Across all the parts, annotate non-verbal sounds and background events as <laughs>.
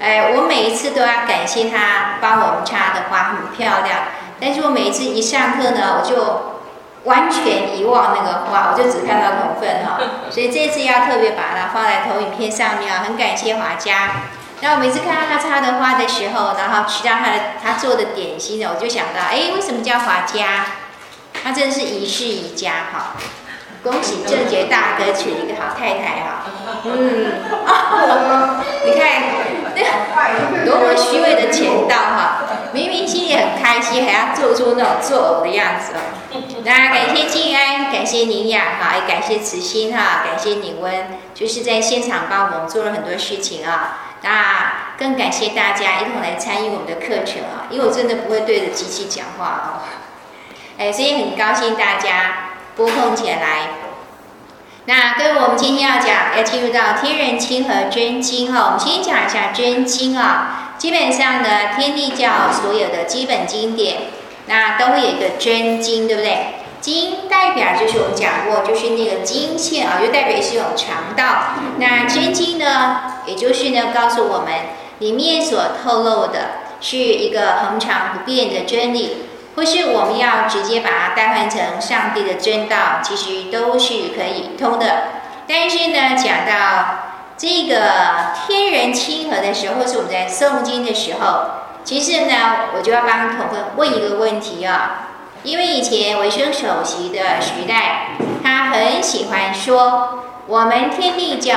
哎，我每一次都要感謝他幫我們插的花很漂亮，但是我每一次一上課呢，我就完全遺忘那個花，我就只看到紅份哈，所以這次要特別把它放在投影片上面啊，很感謝華家。然後每次看到他插的花的時候，然後吃到他的他做的點心、哦、我就想到，哎，為什麼叫華家？他真的是宜室宜家哈、哦。恭喜鄭杰大哥娶了一個好太太哈、哦。嗯，哦、你看對，多麼虛偽的假道。哈、哦！明明心裡很開心，還要做出那種作嘔的樣子啊、哦。那感謝靜安，感謝凝仰哈、哦，也感謝慈心哈、哦哦，感謝凝溫就是在現場幫我們做了很多事情啊、哦。那、啊、更感謝大家一同來參與我們的課程啊！因為我真的不會對着機器講話哦、欸，所以很高興大家撥空前來。那各位，我們今天要講，要進入到天人親和真經啊。我們先講一下真經啊。基本上呢，天帝教所有的基本經典，那都會有一個真經，對不對？經代表就是我們講過，就是那個經線啊，就代表是一種常道。那真經呢？也就是呢，告訴我們裡面所透露的是一個恆常不變的真理，或是我們要直接把它代換成上帝的真道，其實都是可以通的。但是呢，講到這個天人親和的時候，或是我們在誦經的時候，其實呢，我就要幫同奮問一個問題啊、哦，因為以前維生首席的時代，他很喜歡說我們天帝教。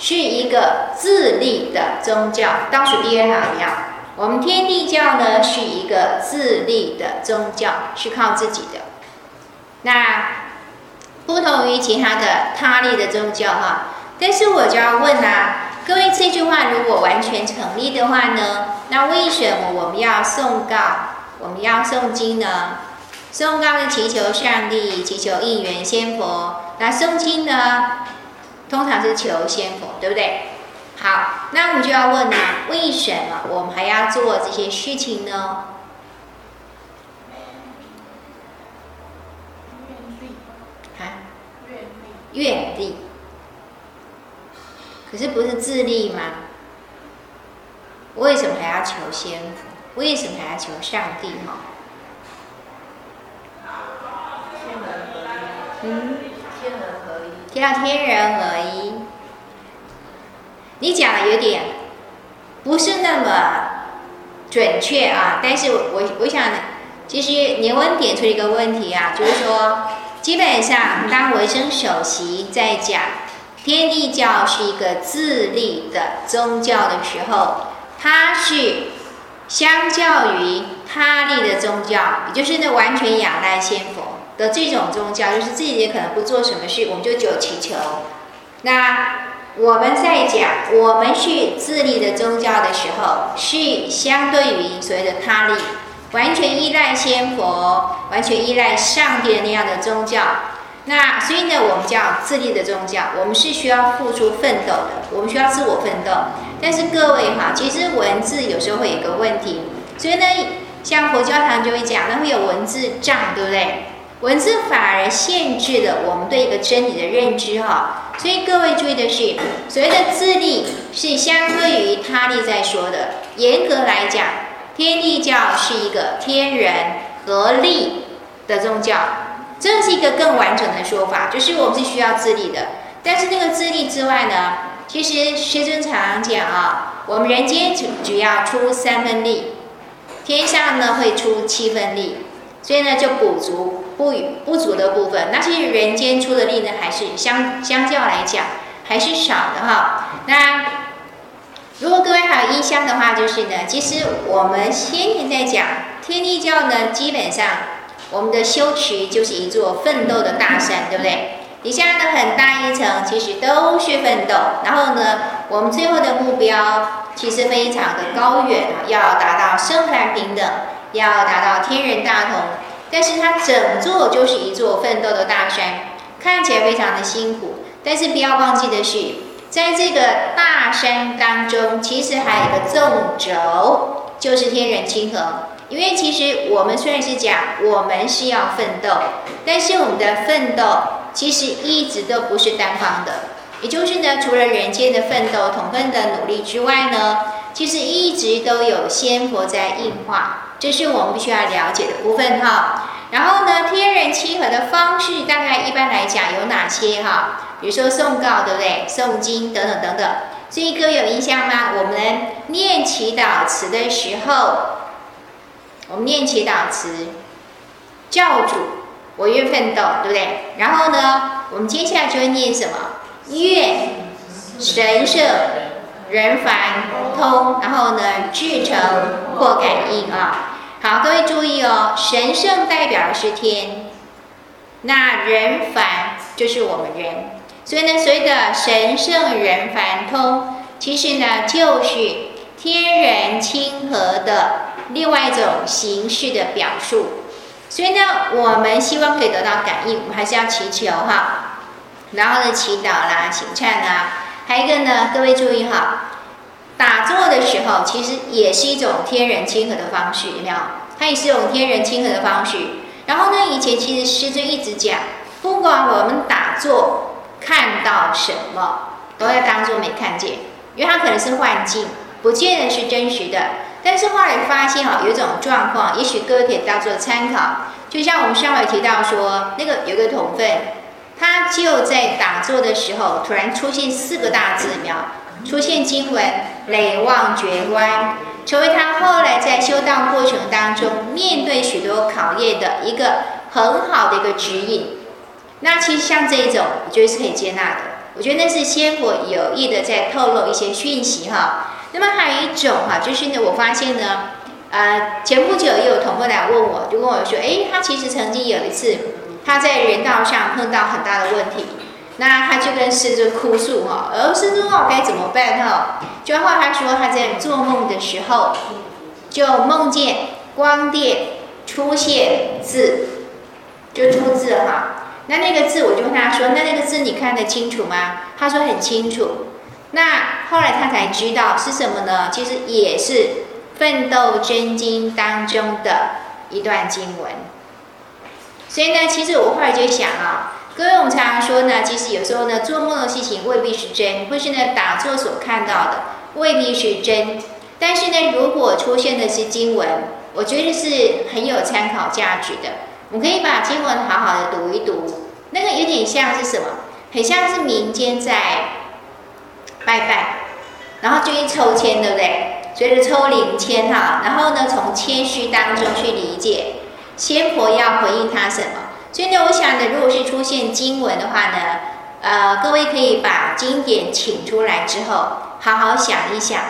是一個自力的宗教，倒數第二行一樣，我們天帝教呢，是一個自力的宗教，是靠自己的。那不同於其他的他力的宗教哈、啊。但是我就要問啦、啊，各位這句話如果完全成立的話呢，那為什麼我們要誦誥，我們要誦經呢？誦誥是祈求上帝，祈求應元仙佛。那誦經呢？通常是求仙佛，對不對？好，那我們就要問啦：為什麼我們還要做這些事情呢？看，願力，願力，可是不是自力嗎？為什麼還要求仙佛？為什麼還要求上帝？哈地。嗯。叫天人合一。你講的有點不是那麼準確啊，但是我我想，其實年文點出一個問題啊，就是說，基本上當維生首席在講天帝教是一個自力的宗教的時候，它是相較於他力的宗教，也就是那完全仰賴仙佛。的這種宗教，就是自己也可能不做什麼事，我們就只有祈求。那我們在講我們去自力的宗教的時候，是相對於所謂的他力，完全依賴仙佛，完全依賴上帝的那樣的宗教。那所以呢，我們叫自力的宗教，我們是需要付出奮鬥的，我們需要自我奮鬥。但是各位哈，其實文字有時候會有個問題，所以呢，像佛教堂就會講，那會有文字障，對不對？文字反而限制了我們對一個真理的認知，哦，哈。所以各位注意的是，所謂的自力是相對於他力在說的。嚴格來講，天帝教是一個天人合力的宗教，這是一個更完整的說法。就是我們是需要自力的，但是那個自力之外呢，其實師尊常講啊，哦，我們人間只只要出三分力，天上呢會出七分力，所以呢就補足。不不足的部分，那其實人間出的力呢，還是相相較來講還是少的哈。那如果各位還有印象的話，就是呢，其實我們先前在講天帝教呢，基本上我們的修持就是一座奮鬥的大山，對不對？底下的很大一層其實都是奮鬥，然後呢，我們最後的目標其實非常的高遠啊，要達到聖凡平等，要達到天人大同。但是它整座就是一座奮鬥的大山，看起來非常的辛苦。但是不要忘記的是，在這個大山當中，其實還有一個縱軸，就是天人親和。因為其實我們雖然是講我們是要奮鬥，但是我們的奮鬥其實一直都不是單方的，也就是呢，除了人間的奮鬥、同奮的努力之外呢，其實一直都有仙佛在應化，這是我們必須要了解的部分哈。然後呢，天人親和的方式，大概一般來講有哪些哈？比如說誦誥，對不對？誦經等等等等。所以各位有印象嗎？我們念祈禱詞的時候，我們念祈禱詞，教主，我願奮鬥，對不對？然後呢，我們接下來就會念什麼？願神聖人凡通，然後呢，至誠獲感應啊、哦！好，各位注意哦，神聖代表的是天，那人凡就是我們人，所以呢，隨着神聖人凡通，其實呢，就是天人親和的另外一種形式的表述。所以呢，我們希望可以得到感應，我們還是要祈求哈、哦，然後呢，祈禱啦，省懺啦。還有一個呢，各位注意哈，打坐的時候其實也是一種天人親和的方式，有沒有？它也是一種天人親和的方式。然後呢，以前其實師尊一直講，不管我們打坐看到什麼，都要當作沒看見，因為它可能是幻境，不見得是真實的。但是後來發現哈，有一種狀況，也許各位可以當做參考。就像我們上回提到說，那個有個同奮。他就在打坐的時候，突然出現四個大字苗，出現經文“累忘覺觀”，成為他後來在修道過程當中面對許多考驗的一個很好的一個指引。那其實像這一種，我覺得是可以接納的。我覺得那是仙佛有意的在透露一些訊息哈。那麼還有一種哈、啊，就是呢，我發現呢，啊、呃，前不久也有同奮來問我，就問我說，哎，他其實曾經有一次。他在人道上碰到很大的問題，那他就跟師尊哭訴哈，而師尊哦該怎麼辦哈？就後來他說他在做夢的時候，就夢見光殿出現字，就出字哈。那那個字我就跟他說，那那個字你看得清楚嗎？他說很清楚。那後來他才知道是什麼呢？其實也是《奮鬥真經》當中的一段經文。所以呢，其實我後來就想啊，各位，我們常常說呢，其實有時候呢，做夢的事情未必是真，或是呢，打坐所看到的未必是真。但是呢，如果出現的是經文，我覺得是很有參考價值的。我們可以把經文好好的讀一讀，那個有點像是什麼？很像是民間在拜拜，然後就一抽籤，對不對？隨着抽靈籤哈、啊，然後呢，從謙虛當中去理解。仙佛要回應他什麼？所以呢，我想呢，如果是出現經文的話呢，呃，各位可以把經典請出來之後，好好想一想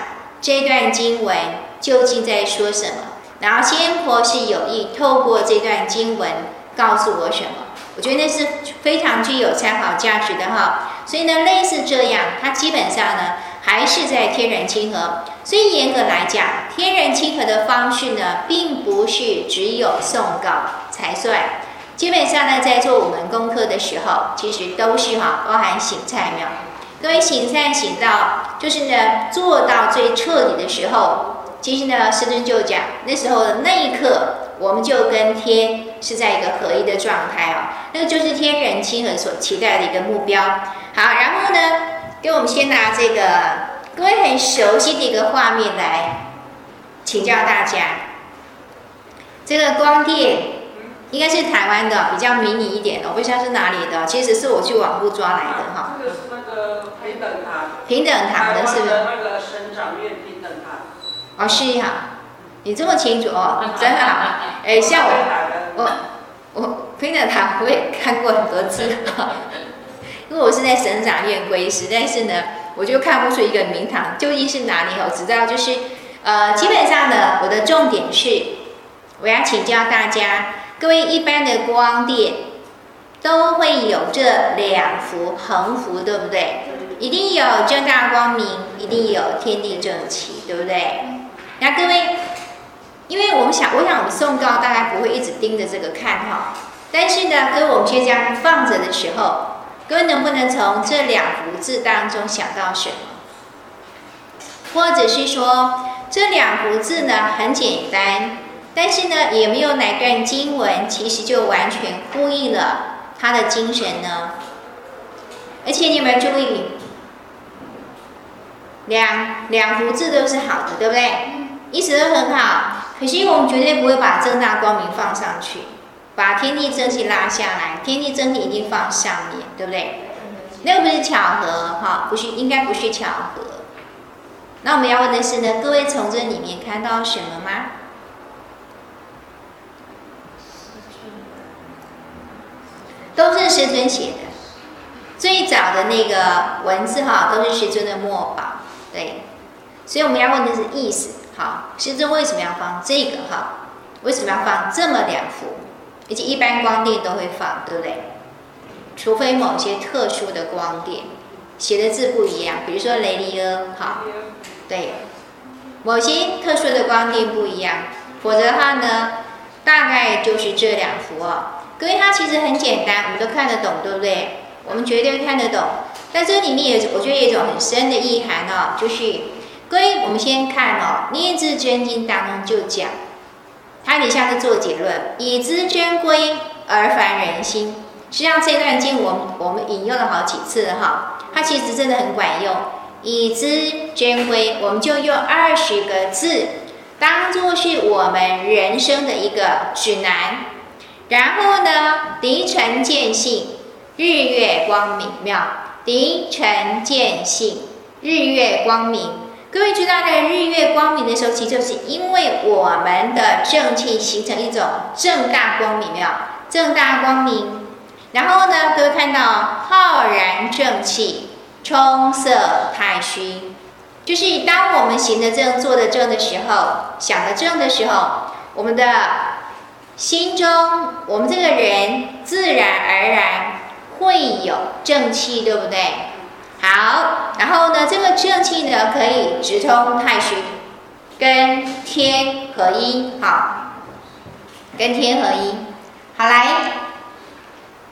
這一段經文究竟在說什麼，然後仙佛是有意透過這段經文告訴我什麼？我覺得那是非常具有參考價值的哈。所以呢，類似這樣，它基本上呢，還是在天人親和。所以嚴格來講，天人親和的方式呢，並不是只有誦誥才算。基本上呢，在做五門功課的時候，其實都是哈，包含省懺。沒有？各位省懺省到，就是呢做到最徹底的時候，其實呢，師尊就講，那時候的那一刻，我們就跟天是在一個合一的狀態哦，那個就是天人親和所期待的一個目標。好，然後呢，給我們先拿這個。各位很熟悉的一個畫面來請教大家。這個光殿應該是台灣的比較迷你一點，我不知道是哪裡的，其實是我去網路抓來的哈、啊。這個是那個平等堂。平等堂的是不是？的那個省掌院平等堂。哦，是哈、啊，你這麼清楚哦，真的、啊。哎、欸，像我我我平等堂我也看過很多次、哦、因為我是在省掌院皈師，但是呢。我就看不出一個名堂，究竟是哪裡，我知道就是，呃，基本上呢，我的重點是，我要請教大家，各位一般的光殿都會有這兩幅橫幅，對不對？一定有正大光明，一定有天地正氣，對不對？然後各位，因為我們想，我想我們誦誥大概不會一直盯着這個看哈，但是呢，跟我們這家放着的時候。各位能不能從這兩幅字當中想到什麼？或者是說，這兩幅字呢，很簡單，但是呢也沒有哪段經文其實就完全呼應了他的精神呢？而且你們注意，兩兩幅字都是好的，對不對？意思都很好，可惜我們絕對不會把正大光明放上去。把天地正氣拉下來，天地正氣一定放上面，對不對？那不是巧合哈，不是應該不是巧合。那我們要問的是呢，各位從這裡面看到什麼嗎？都是師尊寫的，最早的那個文字哈，都是師尊的墨寶，對。所以我們要問的是意思，好，師尊為什麼要放這個哈？為什麼要放這麼兩幅？而且一般光殿都會放，對不對？除非某些特殊的光殿寫的字不一樣，比如說鐳力阿哈、哦，對，某些特殊的光殿不一樣。否則的話呢，大概就是這兩幅哦。因為它其實很簡單，我們都看得懂，對不對？我們絕對看得懂。但這裡面有，我覺得有一種很深的意涵哦。就是，各位，我們先看哦，《廿字真經》當中就講。他底下是做結論，以茲箴規，而藩人心。實際上這段經文，我我們引用了好幾次哈。它其實真的很管用，以茲箴規，我們就用二十個字當做是我們人生的一個指南。然後呢，滌塵見性，日月光明妙；滌塵見性，日月光明。各位知道在日月光明的時候，其實就是因為我們的正氣形成一種正大光明，沒有正大光明。然後呢，各位看到浩然正氣沖塞太虛，就是當我們行的正、做的正的時候，想的正的時候，我們的心中，我們這個人自然而然會有正氣，對不對？好，然後呢，這個正氣呢，可以直通太虛，跟天合一，好，跟天合一。好來，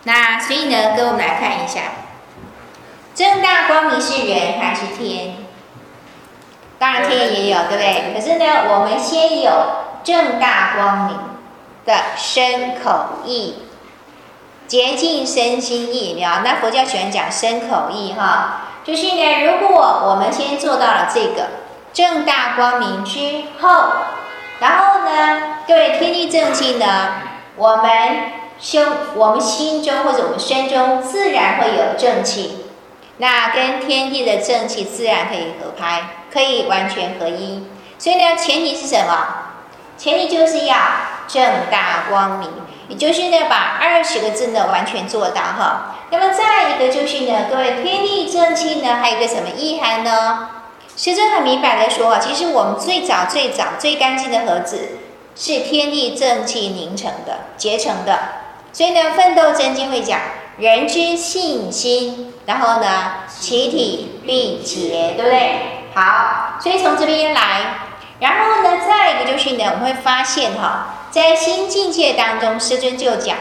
那所以呢，跟我們來看一下，正大光明是人還是天？當然天也有，對不對？可是呢，我們先有正大光明的身口意。潔淨身心意，對，那佛教喜歡講身口意哈。就是呢，如果我們先做到了這個正大光明之後，然後呢，對天地正氣呢，我們胸，我們心中或者我們身中自然會有正氣，那跟天地的正氣自然可以合拍，可以完全合一。所以呢，前提是什麼？前提就是要。正大光明，也就是呢，把二十個字呢完全做到哈。那麼再一個就是呢，各位天地正氣呢，還有一個什麼意涵呢？師尊很明白的說啊，其實我們最早最早最乾淨的和子是天地正氣凝成的結成的。所以呢，奮鬥真經會講人之信心，然後呢，其體必結，對不對？好，所以從這邊來，然後呢，再一個就是呢，我們會發現哈。在新境界當中，師尊就講，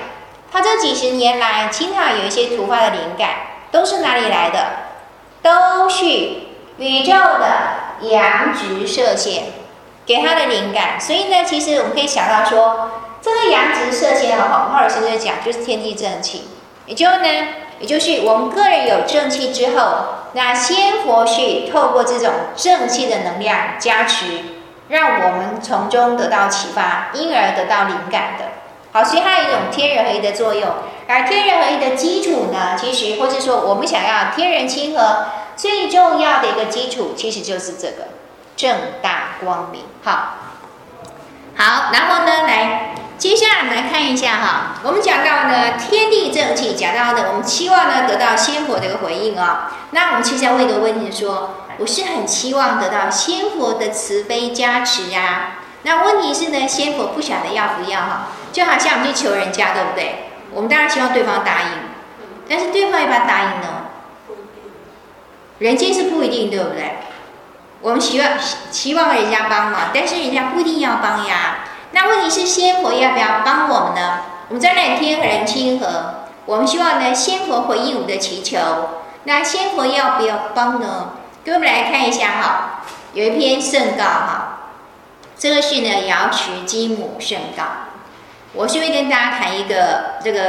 他這幾十年來，經常有一些圖畫的靈感，都是哪裡來的？都是宇宙的陽質射線給他的靈感。所以呢，其實我們可以想到說，這個陽質射線，好好的，妙爾師尊講，就是天地正氣。也就是呢，也就是我們個人有正氣之後，那仙佛是透過這種正氣的能量加持。讓我們從中得到啟發，因而得到靈感的好。所以它有一種天人合一的作用。而天人合一的基礎呢，其實或者說我們想要天人親和最重要的一個基礎，其實就是這個正大光明。好，好，然後呢，來接下來我們來看一下哈。我們講到呢天地正氣，講到的我們期望呢得到仙佛的一個回應啊、哦。那我們先問一個問題是說。我是很期望得到仙佛的慈悲加持呀、啊。那問題是呢，仙佛不曉得要不要哈。就好像我們去求人家，對不對？我們當然希望對方答應，但是對方一般答應呢？不一定。人間是不一定，對不對？我們希望希望人家幫忙，但是人家不一定要幫呀。那問題是仙佛要不要幫我們呢？我們在那天和人親和，我們希望呢，仙佛回應我們的祈求。那仙佛要不要幫呢？我們來看一下哈，有一篇聖誥哈，這個是呢，瑤池金母聖誥。我是會跟大家談一個這個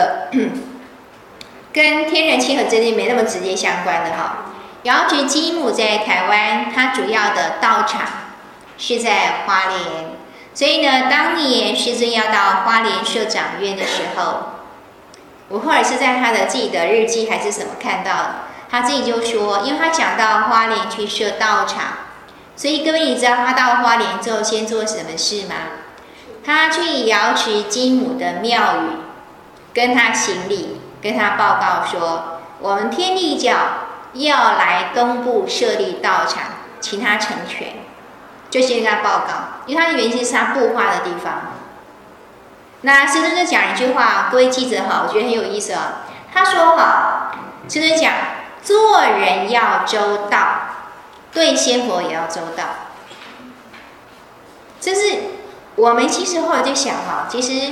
跟天人親和真經沒那麼直接相關的哈。瑤池金母在台灣，他主要的道場是在花蓮，所以呢，當年師尊要到花蓮設掌院的時候，我或者是在他的自己的日記還是什麼看到的。他自己就說，因為他講到花蓮去設道場，所以各位你知道他到花蓮之後先做什麼事嗎？他去瑤池金母的廟宇，跟他行禮，跟他報告說：“我們天帝教要來東部設立道場，請他成全。”就先跟他報告，因為他原先是他布化的地方。那師尊就講一句話，各位記者好，我覺得很有意思啊。他說哈，師尊講。做人要周到，對仙佛也要周到。這是我們其實後來在想哈，其實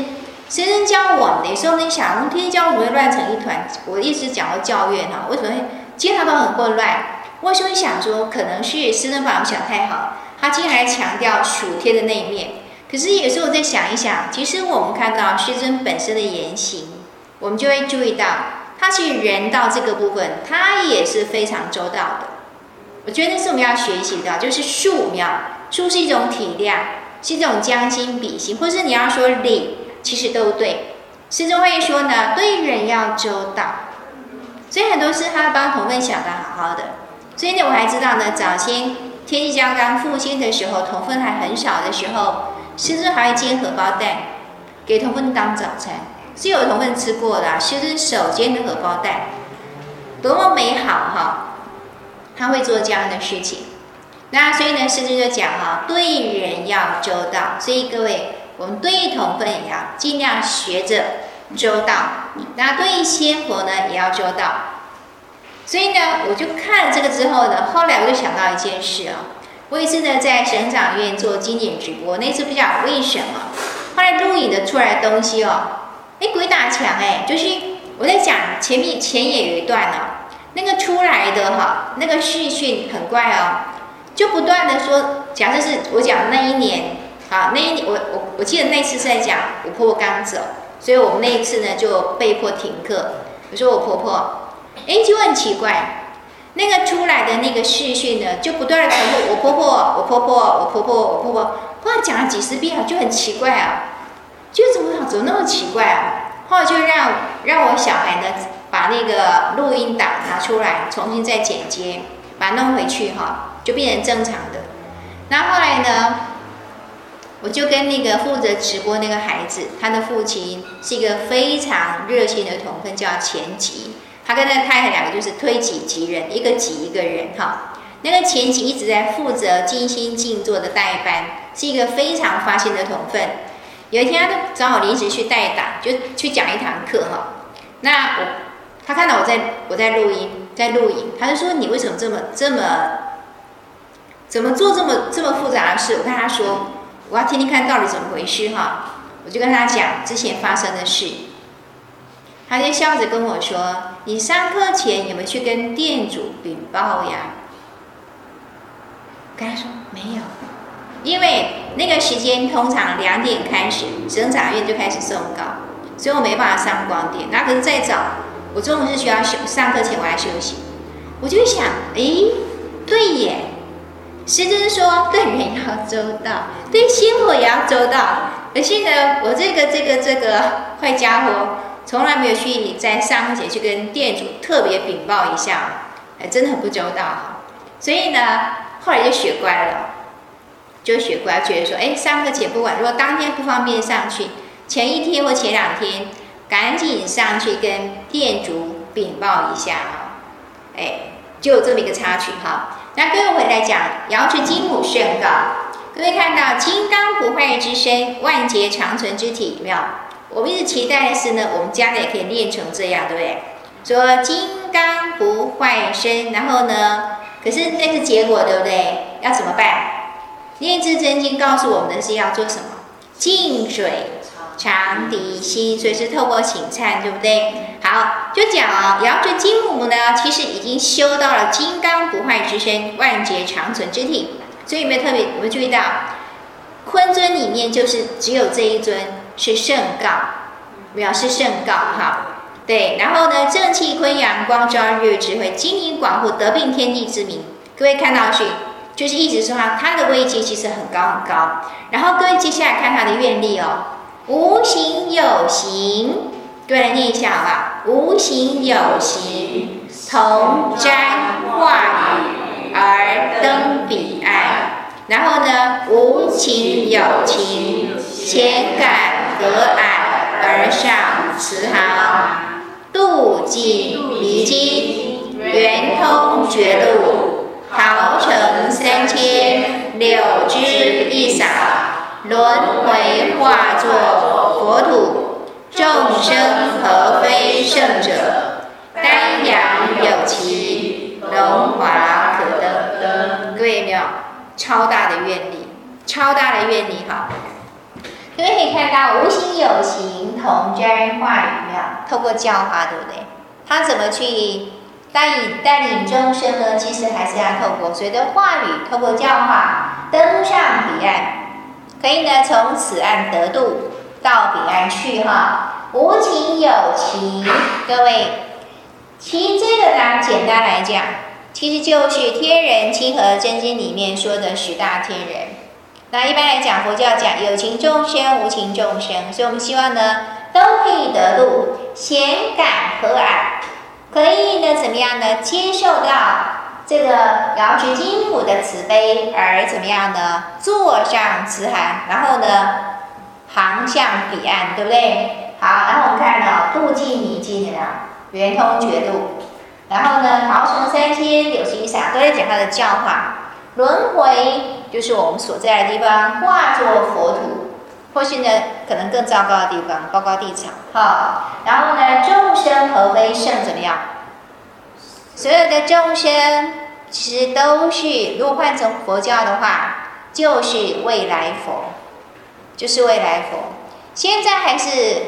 師尊教我們有時候，你想，天天教我們會亂成一團。我一直講到教院哈，為什麼其實他都很混亂？我有時候想說，可能是師尊把我們想太好，他竟然還強調屬天的那一面。可是有時候我再想一想，其實我們看到師尊本身的言行，我們就會注意到。他其實人到這個部分，他也是非常周到的。我覺得那是我們要學習的，就是恕道，恕是一種體諒，是一種將心比心，或是你要說禮，其實都對。師尊會說呢，對人要周到，所以很多事他幫同奮想得好好的。所以呢，我還知道呢，早先天帝教剛復興的時候，同奮還很少的時候，師尊還會煎荷包蛋給同奮當早餐。是有同奮吃過的，啊，師尊手煎的荷包蛋，多麼美好哈，哦！他會做這樣的事情，那所以呢，師尊就講哈，啊，對人要周到。所以各位，我們對同奮也要尽量學着周到，那對仙佛呢也要周到。所以呢，我就看了這個之後呢，後來我就想到一件事哦，我也是呢在省長院做經典直播，那次不知道為什麼，後來錄影的出來的東西哦。哎，鬼打牆哎，就是我在講前面前也有一段了，哦，那個出來的哈，哦，那個序訓很怪哦，就不斷的說，假設是我講的那一年啊，那一年我我我記得那次是在講我婆婆剛走，所以我們那一次呢就被迫停課。我說我婆婆，哎，就很奇怪，那個出來的那個序訓呢，就不斷的重複我婆婆我婆婆我婆婆我婆婆，我婆婆，我婆婆我婆婆我婆婆然講了幾十遍啊，就很奇怪啊，哦。就怎麼怎麼那麼奇怪啊？後來就讓讓我小孩呢把那個錄音檔拿出來，重新再剪接，把它弄回去哈、哦，就變成正常的。那後，後來呢，我就跟那個負責直播那個孩子，他的父親是一個非常熱心的同奮，叫前吉。他跟他太太兩個就是推己及人，一個己一個人哈、哦。那個前吉一直在負責靜心靜坐的代班，是一個非常發心的同奮。有一天，他找我臨時去代打，就去講一堂課哈。那我，他看到我在我在錄音，在錄影，他就說：“你為什麼這麼這麼，怎麼做這麼這麼複雜的事？”我跟他說：“我要聽聽看到底怎麼回事哈。”我就跟他講之前發生的事，他就笑着跟我說：“你上課前有沒有去跟殿主稟報呀？”我跟他說：“沒有。”因為那個時間通常兩點開始，省掌院就開始誦誥，所以我沒辦法上光殿。那可是再早，我中午是需要休，上課前我要休息。我就想，哎，對耶，師尊就是說對人要周到，對仙佛也要周到。而且呢，我這個這個這個壞家伙，從來沒有去在上課前去跟店主特別禀報一下，真的很不周到。所以呢，後來就學乖了。就學乖，覺得說，哎、欸，上課前不管，如果當天不方便上去，前一天或前兩天趕緊上去跟殿主稟報一下啊、哦，哎、欸，就這麼一個插曲哈。那各位回來講，瑤池金母聖誥，各位看到金剛不壞之身，萬劫長存之體，有沒有？我們一直期待的是呢，我們家裡也可以練成這樣，對不對？說金剛不壞身，然後呢，可是那是結果，對不對？要怎麼辦？廿字真經告訴我們的是要做什麼？淨水長滌心，所以是透過省懺，對不對？好，就講，然後這金母呢，其實已經修到了金剛不壞之身，萬劫長存之體。所以有沒有特別，有沒有注意到？坤尊裡面就是只有這一尊是聖告，表示聖告哈。對，然後呢，正氣坤陽，光昭日月之輝，精靈廣護，德並天地之明。各位看到是？就是一直說他，他的位階其實很高很高。然後各位接下來看他的願力哦，無形有形，對，念一下啊好不好？無形有形，同沾化雨而登彼岸；然後呢，無情有情，咸感和藹而上慈航，渡濟迷津，圓通覺路。桃成三千，柳枝一灑，輪迴化作佛土，眾生何非聖者？丹陽有期，龍華可登。各位沒有超大的願力，超大的願力，哈，我們可以看到，無形有形，同沾化雨，透過教化，對不對？他怎麼去？那以帶領眾生呢，其實還是要透過隨的話語，透過教化，登上彼岸，可以呢，從此岸得度到彼岸去哈、哦。無情有情，各位，其實這個呢，簡單來講，其實就是天人親和真經裡面說的十大天人。那一般來講，佛教講有情眾生、無情眾生，所以我們希望呢都可以得度，咸感和藹。可以呢，怎麼樣呢？接受到這個瑤池金母的慈悲，而怎麼樣呢？坐上慈航，然後呢，航向彼岸，對不對？好，然後我們看到渡盡迷津的圓通覺路，然後呢，桃成三千，柳枝一灑都在講他的教法。輪迴就是我們所在的地方，化作佛土。或許呢，可能更糟糕的地方，包括地產，哈。然後呢，眾生何非聖，怎麼樣？所有的眾生其實都是，如果換成佛教的話，就是未來佛，就是未來佛。現在還是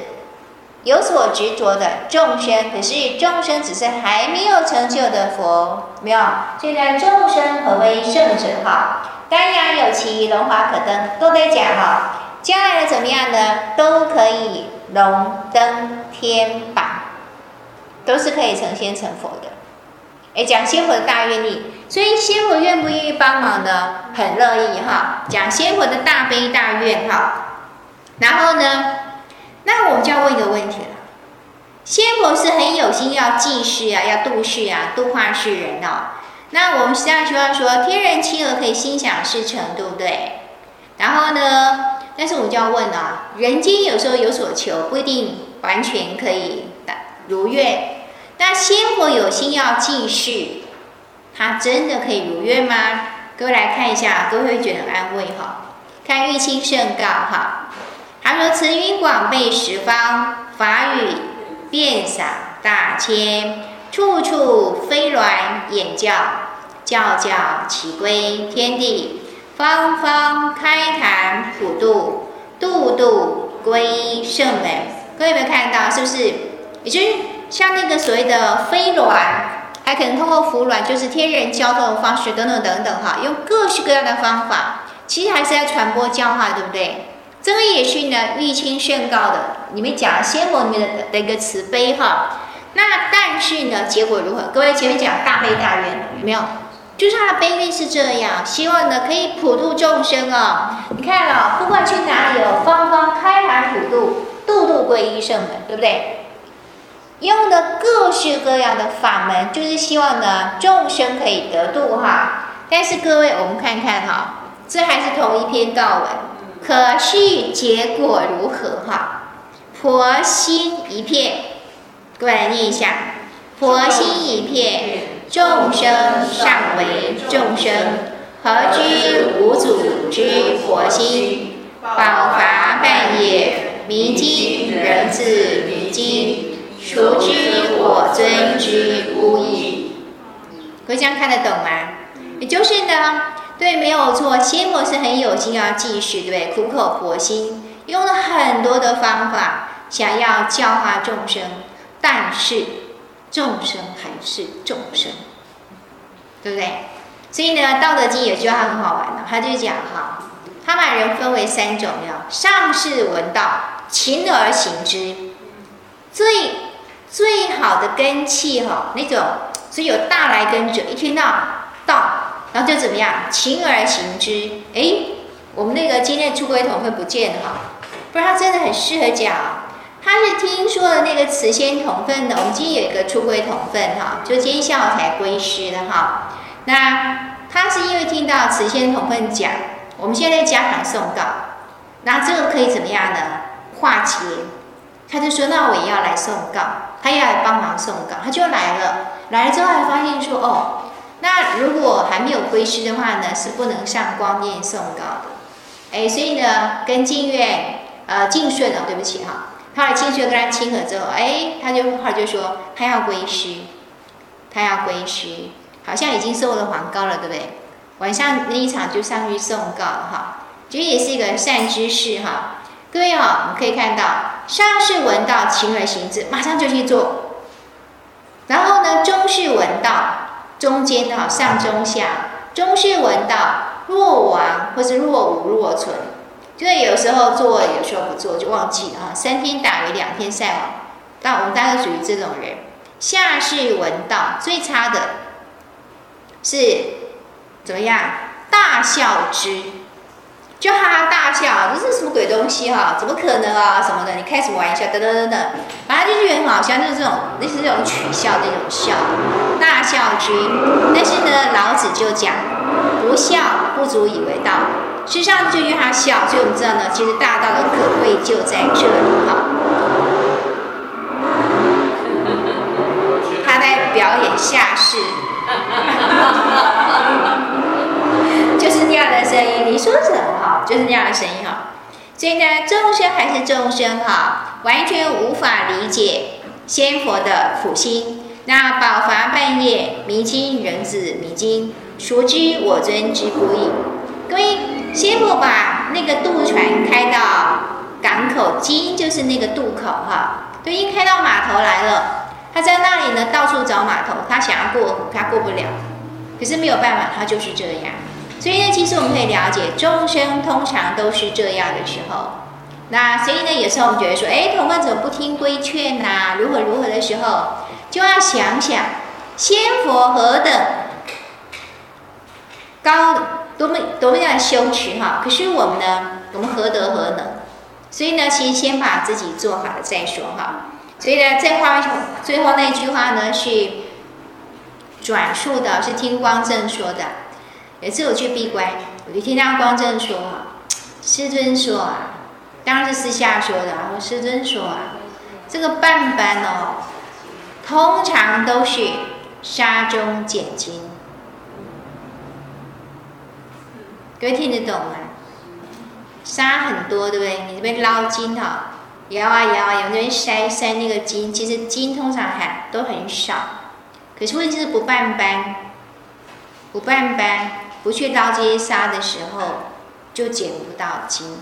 有所執着的眾生，可是眾生只是還沒有成就的佛，沒有。現在眾生何非聖者，哈，丹陽有期，龍華可登，都得講哈、哦。接下來的怎麼樣呢？都可以龍登天榜，都是可以成仙成佛的。哎，講仙佛的大願力，所以仙佛願不願意幫忙呢？很樂意哈、哦。講仙佛的大悲大願哈。然後呢，那我們就要問一個問題了：仙佛是很有心要濟世啊，要度世啊，度化世人哦。那我們希望大家說，天人親和，可以心想事成，對不對？然後呢？但是我就要問了、哦：人間有時候有所求，不一定完全可以如願。但仙佛有心要濟世，他真的可以如願嗎？各位來看一下，各位會覺得安慰哈。看御清聖誥哈，他說：“慈雲廣被十方，法雨遍灑大千，處處飛鸞演教，教教齊歸天帝。”方方開壇普渡，度度歸聖門。各位有沒有看到？是不是？也就是像那個所謂的飛鸞，還可能通過扶鸞，就是天人交通的方式等等等等哈，用各式各樣的方法，其實還是在傳播教化，對不對？這個也是呢，御清聖誥的。你們講仙佛裡面的的一個慈悲哈。那但是呢，結果如何？各位前面講大悲大願，有沒有？就是他，卑微是這樣，希望呢可以普度眾生哦。你看了、哦，不管去哪裡哦，方方開壇普度，度度皈依聖門，對不對？用的各式各樣的法門，就是希望呢眾生可以得度哈。但是各位，我們看看哈，這還是同一篇道文，可是結果如何哈？婆心一片，過來念一下，婆心一片。眾生尚為眾生，何知吾祖之婆心？寶筏半葉、迷津仍自迷津，孰知我尊之孤詣、嗯、各位這樣看得懂嗎？也就是呢，對，沒有錯。仙佛是很有心要濟世，對不對？苦口婆心，用了很多的方法想要教化眾生，但是。眾生還是眾生，對不對？所以呢，《道德經》有句話很好玩的、哦，他就講哈、哦，他把人分為三種呀。上士聞道，勤而行之，最最好的根器哈、哦，那種所以有大來跟者，一聽到道，然後就怎麼樣？勤而行之。哎，我們那個今天出規桶，會不見哈，不然他真的很適合講、哦。他是聽說了那個慈心同奮的，我們今天有一個初歸同奮哈，就今天下午才歸師的哈。那他是因為聽到慈心同奮講，我們現在，在家長誦誥，那這個可以怎麼樣呢？化解，他就說那我也要來誦誥，他要來幫忙誦誥，他就來了。來了之後還發現說哦，那如果還沒有歸師的話呢，是不能上光殿誦誥的。哎、欸，所以呢，跟靜遠呃靜順啊，對不起哈。後來清去跟他親和之後，哎，他就他就說他要歸虛，他要歸虛，好像已經收了皇誥了，對不對？晚上那一場就上去送誥了哈，其實也是一個善知識哈。各位哈，我們可以看到上士聞道，勤而行之，馬上就去做。然後呢，中士聞道，中間哈，上中下，中士聞道，若亡或是若無若存。就是有時候做，有時候不做，就忘記了啊。三天打魚兩天曬網，但我們大概屬於這種人。下士聞道，最差的是怎麼樣？大笑之，就哈哈大笑，這是什麼鬼東西哈？怎麼可能啊？什麼的，你開什麼玩笑？等等等等，反正就是很好笑，就是這種，那是這種取笑的一種笑，大笑之。但是呢，老子就講，不笑不足以為道。實際上，這句話小，所以我們知道呢。其實大道的可貴就在這裡哈。他在表演下士， <laughs> 就是那樣的聲音。你說是哈，就是那樣的聲音哈。所以呢，眾生還是眾生哈，完全無法理解仙佛的苦心。那寶筏半葉，迷津仍自迷津，孰知我尊之孤詣。各位。先父把那個渡船開到港口，因就是那個渡口哈，就一開到碼頭來了。他在那裡呢，到處找碼頭，他想要過河，他過不了。可是沒有辦法，他就是這樣。所以呢，其實我們可以了解，眾生通常都是這樣的時候。那所以呢，有時候我們覺得說，哎，同伴怎麼不聽規勸吶、啊？如何如何的時候，就要想想，仙佛何等高。多麼多麼樣羞恥哈！可是我們呢？我們何德何能？所以呢，其實先把自己做好了再說哈。所以呢，在話，最後那句話呢，是轉述的，是聽光證說的。有次我去閉關，我就聽到光證說哈。師尊說啊，當然是私下說的，我師尊說啊，這個辦班哦，通常都是沙中揀金。各位聽得懂嗎？沙很多，對不對？你這邊撈金哈，搖啊搖啊搖，那邊篩篩那個金。其實金通常還都很少，可是問題是不辦班，不辦班，不去撈這些沙的時候就撿不到金。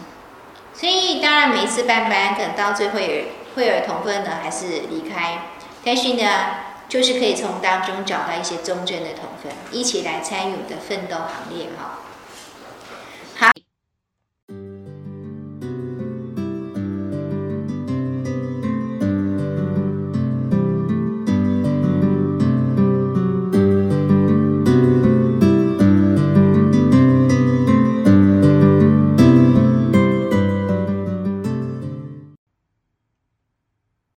所以當然每一次辦班，可能到最後也會有同分的，還是離開。但是呢，就是可以從當中找到一些忠貞的同分，一起來參與我們的奮鬥行列哈。